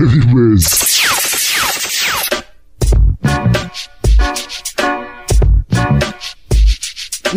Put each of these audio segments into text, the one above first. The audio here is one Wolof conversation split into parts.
Heavyweights.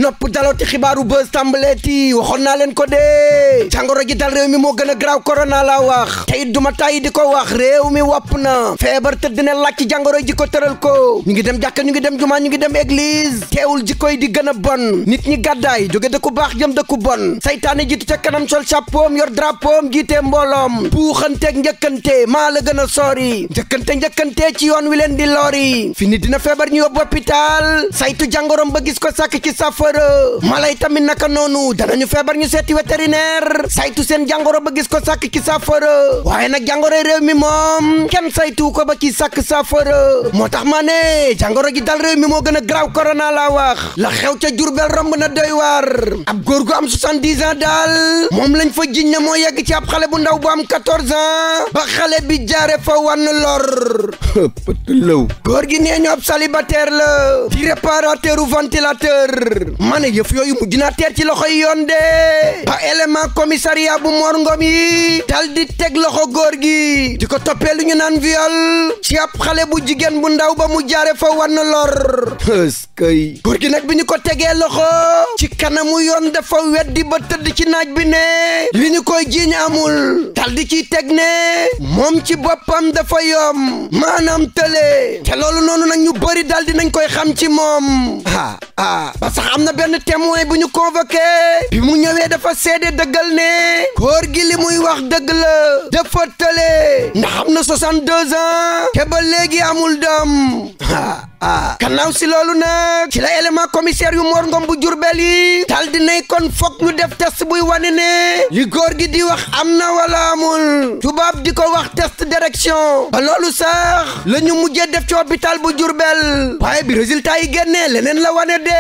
nopp dalooti xibaaru buzz tàmbaleeti waxoon naa leen ko dee jàngoro ji dal réew mi moo gën a graaw korona laa wax te it duma tàyyi di ko wax réew mi wàpp na feebar tëdd na laaj ci jàngoro ji ko tëral ko ñu ngi dem jàkka ñu ngi dem jumaa ñu ngi dem église teewul ko yi di gën a bon nit ñi gàddaay jóge dëkku baax jëm dëkku bon ji jiitu ca kanam sol chapeau yor drapeau jiite mbooloom puuxanteeg njëkkante maa la gën a soori njëkkante njëkkante ci yoon wi leen di lori fi nit dina feebar ñu yóbbu hôpital saytu jàngoroom ba gis ko sàkk ci safo saafara mala yi tamit naka noonu ñu feebar ñu seeti vétérinaire saytu seen jàngoro ba gis ko sàkk ci saafara waaye nag jàngoro réew mi moom kenn saytu ko ba ci sàkk saafara moo tax maa ne jàngoro ji dal réew mi moo gën a graw corona la wax la xew ca Jurbel romb na doy waar ab góor gu am 70 ans daal moom lañ fa jiñ ne moo yegg ci ab xale bu ndaw bu am 14 ans ba xale bi jaare fa wan lor góor gi nee ñu ab célibataire la di réparateur ou ma ne yëf yooyu mujj naa ci loxo yi yoon de ba élément commissariat bu Mor yi dal di teg loxo góor gi di ko toppee lu ñu naan viol ci ab xale bu jigéen bu ndaw ba mu jaare fa wann lor ëskay góor gi nag bi ñu ko tegee loxo ci kanamu yoon dafa weddi ba tëdd ci naaj bi ne li ñu koy jiiñ amul dal di ciy teg ne moom ci boppam dafa yom maanaam tële te loolu noonu nag ñu bëri dal di nañ koy xam ci moom ah na benn témoin bu ñu convoqué bi mu ñëwee dafa seede dëggal ne góor gi li muy wax dëgg la dafa tële ndax am na 62 ans te ba léegi amul doom ah si loolu nag ci la élément commissaire yu Mor Ngom bu Jurbel yi tal di nay kon foog ñu def test buy wane ne li góor gi di wax am na wala amul tubaab di ko wax test d'érection ba loolu sax la ñu mujjee def ci hôpital bu Jurbel waaye bi résultat yi génnee leneen la wane de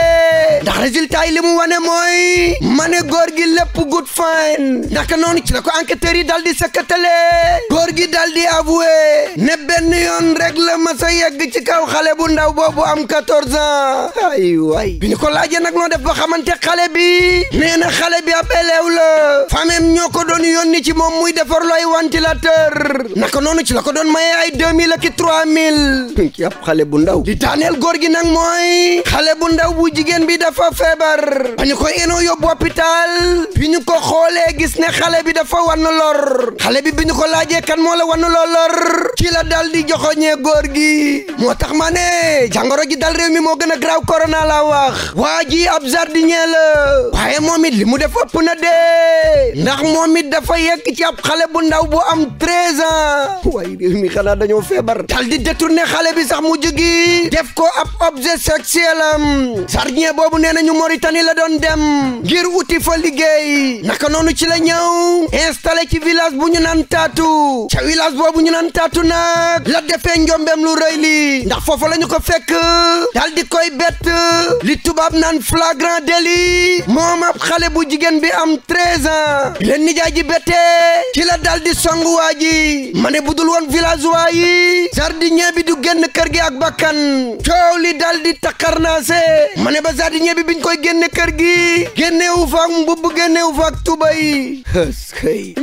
ndax résultat yi li mu wane mooy ma ne góor gi lépp good fine naka noonu ci la ko enquêteurs yi dal di sëkkatale góor gi dal di ne benn yoon rek la ma sa yegg ci kaw xale bu ndaw boobu am ay waay bi ñu ko laajee nag noo def ba xamante xale bi nee na xale bi a élève la famem ñoo ko doon yónni ci moom muy defar looy ventilateur naka noonu ci la ko doon mayee ay 2000 ak i 3000 ki ab xale bu ndaw di daaneel góor gi nag mooy xale bu ndaw bu jigéen bi dafa feebar ba ñu ko enoo yóbbu hôpital bi ñu ko xoolee gis ne xale bi dafa wann lor xale bi bi ñu ko laajee kan moo la wann loo lor ci la dal di joxoñee góor moo tax ma ne jàngoro ji dal réew mi moo gën a graaw corona la wax waa ji ab jardinier la waaye moom it mu def ëpp na dee ndax moom it dafa yekk ci ab xale bu ndaw bu am 13 ans waaye réew mi xanaa dañoo feebar dal di détourné xale bi sax mu jugi def ko ab objet sexuel am jardinier boobu nee nañu Mauritanie la doon dem ngir uti fo liggéey naka noonu ci la ñëw installé ci village bu ñu nan taatu ca village boobu ñu naan taatu nag la defee njombeem lu rëy ndax foofu lañu fekk daal koy bett li tubaab naan flagrant délit moom ab xale bu jigéen bi am 13 ans leen nijaay ji bettee ci la dal di song ji ma ne budul woon village waa yi jardinier bi du génn kër gi ak bakkan coow li dal di takkarnaase ma ne ba jardinier bi biñ koy génne kër gi génnewu fa ak mbubb génnewu fa ak tubay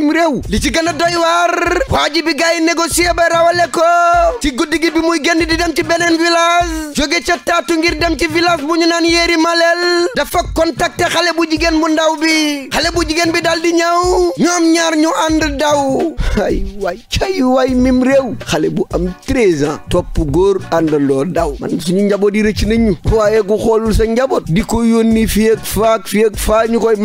im réew li ci gën a doy waar waa ji bi ba rawale ko ci guddi gi bi muy génn di dem beneen village jóge ca ngir dem ci village bu ñu naan yéeri malel dafa contacté xale bu jigéen bu ndaw bi xale bu jigéen bi daal di ñëw ñoom ñaar ñu ànd daw ay waay cay waay mim réew xale bu am treize ans topp góor àndandoo daw man suñu njaboot yi rëcc nañ ñu waaye ku xoolul sa njaboot di ko yónni fii ak faak fii ak faa ñu koy